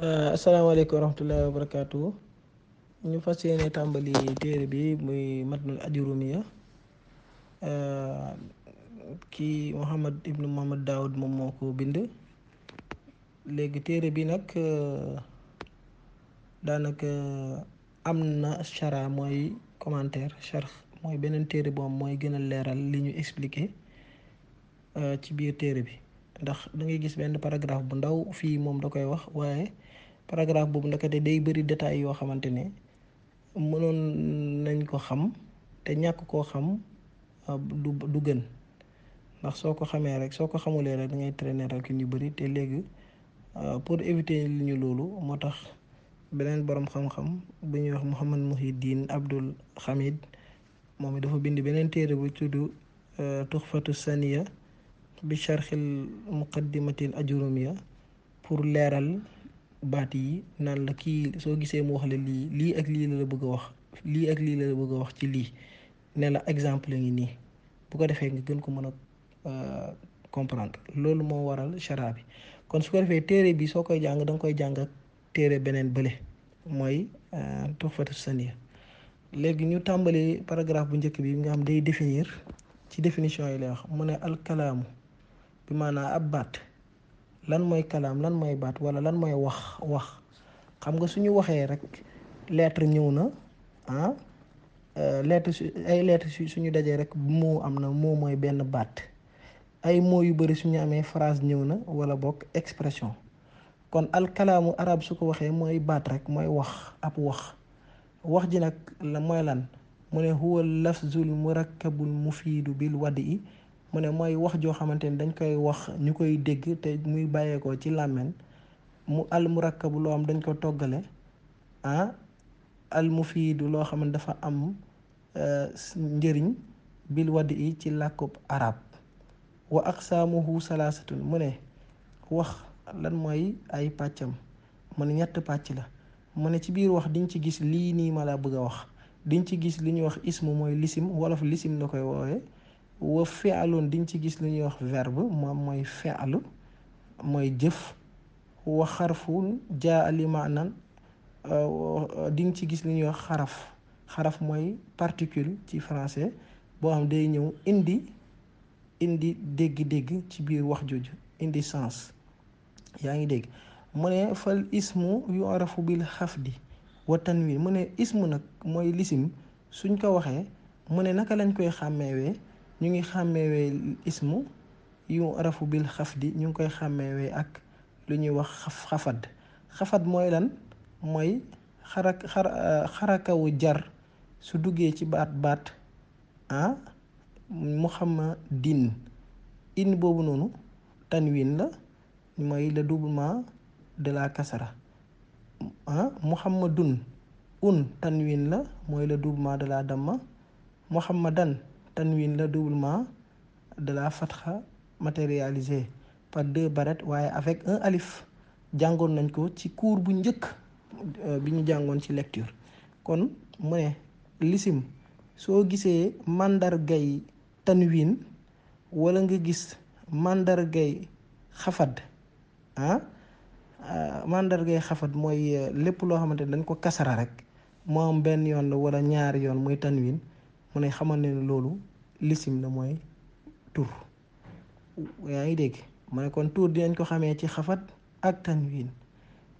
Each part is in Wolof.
Euh, asalaamaaleykum wa rahmatullahi wa ñu fas yéene tàmbali téere bi muy matnul ajurumiya euh, kii Mouhamad ibnu Mouhamad Daoud moom moo ko bind léegi téere bi nag euh, daanaka am na chara mooy commentaire charx mooy beneen téere boobu mooy gën a leeral li ñu expliqué ci biir téere bi ndax dangay gis benn paragraphe bu ndaw fii moom da koy wax waaye paragraphe boobu ndekete day bëri détails yoo xamante ne mënoon nañ ko xam te ñàkk koo xam euh, du du gën ndax soo ko xamee rek soo ko xamulee rek da ngay traîner rek ñu bëri te léegi euh, pour éviter li ñu loolu moo tax beneen boroom xam-xam bu ñuy wax Mouhamad Mouhidine Abdul Hamid moom it dafa bind beneen téere bu tudd euh, tuxfatu saniya bi charxil muqaddimatil ajurumiya pour leeral baat yi naan la kii soo gisee mu wax la lii lii ak lii la la bëgg a wax lii ak lii la la bëgg a wax ci lii ne la exemple ngi nii bu ko defee nga gën ko mën a euh, comprendre loolu moo waral chara bi kon su ko defee téere bi soo koy jàng da koy jàng ak téere beneen bële mooy euh, tuxfatu saniya léegi ñu tàmbali paragraphe bu njëkk bi nga xam day définir ci définition yi lay wax mu ne alkalaamu bi maanaa ab baat lan mooy kalaam lan mooy baat wala lan mooy wax wax xam nga suñu waxee rek lettre ñëw na ah euh, lettre su ay lettre suñu dajee rek moo am na moo mooy benn baat ay moo yu bëri suñu amee phrase ñëw na wala bokk expression kon alkalaamu arab su ko waxee mooy baat rek mooy wax ab wax wax ji nag la mooy lan mu ne huwa lafzul murakkabul mufiidu bil wadi mu ne mooy wax joo xamante ni dañ koy wax ñu koy dégg te muy bàyyeekoo ci làmmiñ mu al murakkabu loo am dañ ko toggale ah al mufiidu loo xam dafa am eh, njëriñ bil wadd ci làkkub arab wa aqsaamuhu salaasatun mu ne wax lan mooy ay pàccam mu ne ñett pàcc la mu ne ci biir wax diñ ci gis lii nii ma la bëgg a wax diñ ci gis li ñuy wax ismu mooy lisim wolof lisim la koy woowee wa fealoon diñ ci gis lu ñuy wax verbe moom mooy fealu mooy jëf wa xarfun jaa li maanan euh, diñ ci gis lu ñuy wax xaraf xaraf mooy particule ci français boo xam day ñëw indi indi dégg-dégg ci biir wax jooju indi sens yaa ngi dégg mu ne fal ismu yu arafu bil xafdi wa tanwin mu ne ismu nag mooy lisim suñ ko waxee mu ne naka lañ koy xàmmeewee ñu ngi xàmmeewee ismu yu arafu bil xafdi ñu ngi koy xàmmeewee ak lu ñuy wax xaf xafad xafad mooy lan mooy xara euh, xarakawu jar su duggee ci baat baat ah muhammadin in boobu noonu tanwin la mooy le doublement de la kasara mu ah muhammadun un tanwin la mooy le doublement de xam ma dan tanwin la doublement de la fatxa matérialisée par deux barrettes waaye avec un alif jàngoon nañ ko ci cours bu njëkk euh, bi ñu jàngoon ci lecture kon mu ne lisim soo gisee màndargay tanwin wala nga gis màndargay xafad ah euh, màndargay xafat mooy euh, lépp loo xamante ne dañ ko kasara rek moo am benn yoon la wala ñaari yoon muy tanwin mu ne xamal ne loolu lisim la mooy tur yaa ngi dégg mu ne kon tur dinañ ko xamee ci xafat ak tanwin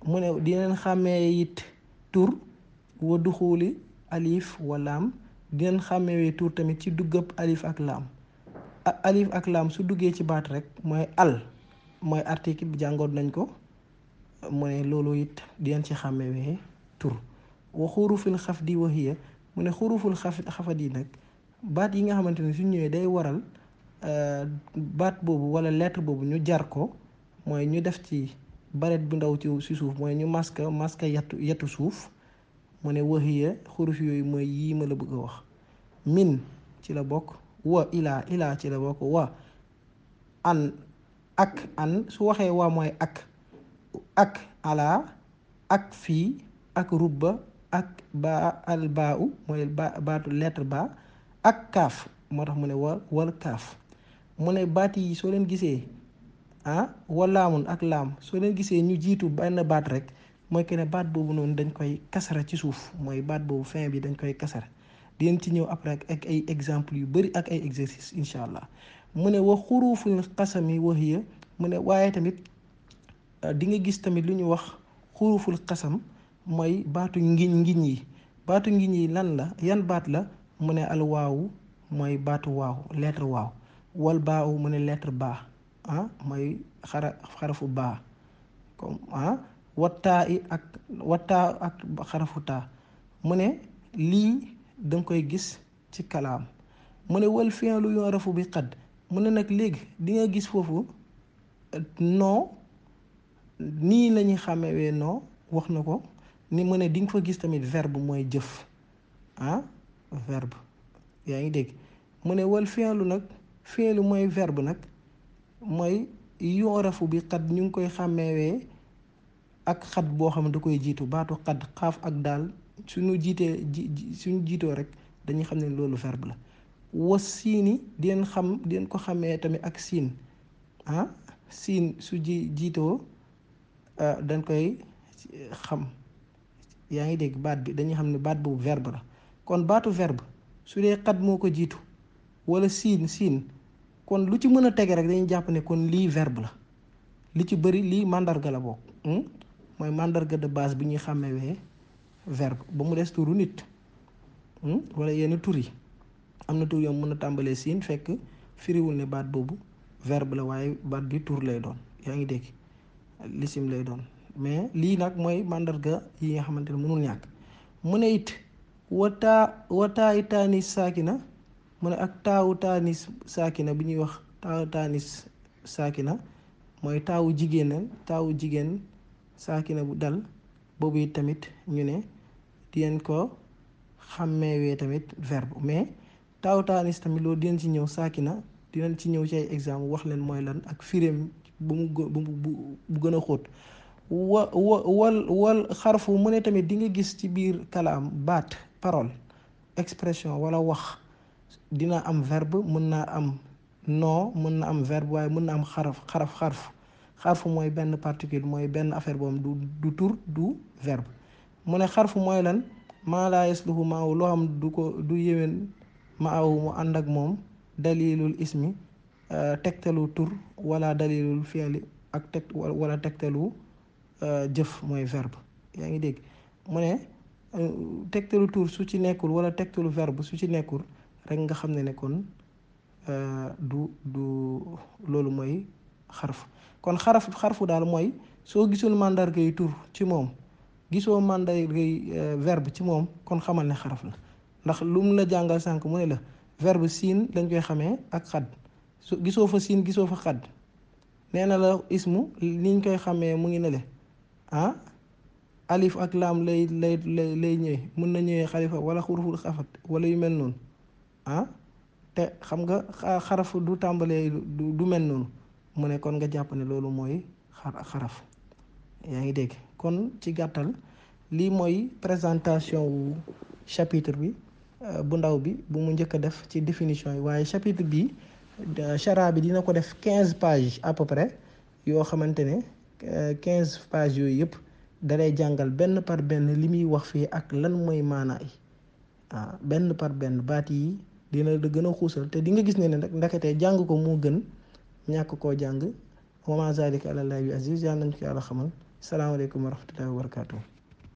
mu ne dinañ xamee it tur wa duxuuli alif wa laam dinañ xamee tur tamit ci duggab alif ak laam alif ak laam su duggee ci baat rek mooy al mooy article jàngoon nañ ko mu loolu it dinañ ci xamee tur wa xurufil xaf di waxiya mu ne xuruful xaf xafat yi nag baat yi nga xamante ne su ñëwee day waral euh, baat boobu wala lettre boobu ñu jar ko mooy ñu def ci baret bu ndaw ci si suuf mooy ñu masque masque yettu yettu suuf mu ne waxiya xuruf yooyu mooy yii ma la bëgg a wax min ci la bokk wa ilaa ilaa ci la bokk wa an ak an su waxee waa mooy ak ak alaa ak fii ak rubba ak ba al baa u mooy baatu lettre ba ak kaaf moo tax mu ne wa wal kaaf mu ne baat yi soo leen gisee ah walaamun ak laam soo leen gisee ñu jiitu benn baat rek mooy que baat boobu noonu dañ koy kasara ci suuf mooy baat boobu fin bi dañ koy kasara di leen ci ñëw après ak ay exemples yu bëri ak ay exercices incha allah mu ne wa xuruuful xasami wa hiya mu ne waaye tamit euh, di nga gis tamit lu ñu wax xuruuful xasam mooy baatu ngiñ ngiñ yi baatu ngiñ yi lan la yan baat la. mu ne al waawu mooy baatu waaw lettre waaw wal baawu mu ne lettre baa ah mooy xara xarafu baa comme ah ak wattaa ak xarafu taa mu ne lii danga koy gis ci kalaam mu ne wal fi'lu yoon rafu bi xadd mu ne nag léegi dinga gis foofu non nii lañuy xàmmewee non wax na ko ni mu ne di fa gis tamit verbe mooy jëf ah. verbe yaa ngi dégg mu ne wal feelu nag fi'lu mooy verbe nag mooy yoorafu bi xat ñu ngi koy xàmmeewee ak xat boo xam ne da koy jiitu baatu xadd xaaf ak daal suñu jiitee ji jiitoo rek dañuy xam ne loolu verbe la was siini dinañ xam dinañ ko xàmmee tamit ak siin ah, siin su ji jiitoo ah, dañ koy xam yaa ngi dégg baat bi dañuy xam ne baat boobu verbe la kon baatu verbe su dee xat moo ko jiitu wala siin siin kon lu ci mën a tege rek dañuy jàpp ne kon lii verb la li ci bëri lii màndarga la bokk hmm? mooy màndarga de base bi ñuy xàmmewee verbe ba mu des turu nit hmm? wala yenn tur yi am na tur yoo mën a tàmbalee siin fekk firiwul ne baat boobu verbe la waaye baat bi tuur lay doon yaa ngi dégg lisim lay doon mais lii nag mooy màndarga yi nga xamante ne mënul ñàkk mu ne it wataa wataayi taanis saakina mu ne ak taawu taanis saakina bi ñuy wax taawu taanis saakina mooy taawu jigéenal taawu jigéen saakina bu dal boobu it tamit ñu ne dinañ ko xàmmeewee tamit verbe mais taawu tanis tamit loolu dinañ ci ñëw saakina dinañ ci ñëw ci exemple wax leen mooy lan ak firéem bu mu bu gën a xóot wa wa wal wal xarfu mu ne tamit di nga gis ci biir kalaam baat parole expression wala wax dina am verbe mën naa am no mën na am verbe waaye mën na am xaraf xaraf xarf xarfu mooy benn particule mooy benn affaire boobu du du tur du verbe mu ne xarfu mooy lan maa laa yasluhu maawu loo xam du ko du yéwén maawu mu ànd ak moom dalilul ismi euh, tegtalu tur wala dalilul fi'li ak teg wala tegtalu euh, jëf mooy verbe yaa ngi dégg mu ne tegtalu tur su ci nekkul wala tegtalu verbe su ci nekkul rek nga xam ne ne kon euh, du du loolu mooy xaraf kon xaraf xarfu daal mooy soo gisul mandarga yu tur ci moom gisoo mandarga yu euh, verbe ci moom kon xamal ne xaraf la ndax lu mu la jàngal sànq mu ne la verbe siin lañ koy xamee ak xad su gisoo fa siin gisoo fa xad nee na la ismu niñ koy xamee mu ngi ne le ah, alif ak laam lay lay lay lay ñëwee mën na ñëwee xalifa wala xuruful xafat wala yu mel noonu ah te xam nga xaraf du tàmbalee du mel noonu mu ne kon nga jàpp ne loolu mooy xaraf yaa ngi dégg kon ci gàttal lii mooy présentation wu chapitre bi euh, bu ndaw bi bu mu njëkk a def ci définition yi waaye chapitre bi chara bi dina ko def quinze pages à peu près yoo xamante ne euh, quinze pages yooyu yëpp dalay jàngal benn par benn li muy wax fii ak lan mooy maanaay waaw ah, benn par benn baat yi dina da gën a xuusal te di nga gis ne ne nag ndakatee jàng ko moo gën ñàkk koo jàng wa ma zalika alallaahi bi aziz yàlla nañ ko yàlla xamal salaamaaleykum wa rahmatullahi wa barakatuh